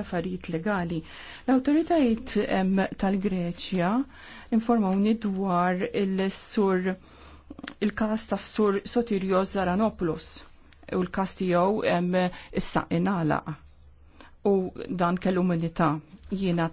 l-affarijiet legali. L-autoritajiet tal-Greċja informawni dwar il-sur il-kas tas sur Sotirio Zaranopoulos u l-kas tiegħu issa inala u dan kellu minita jiena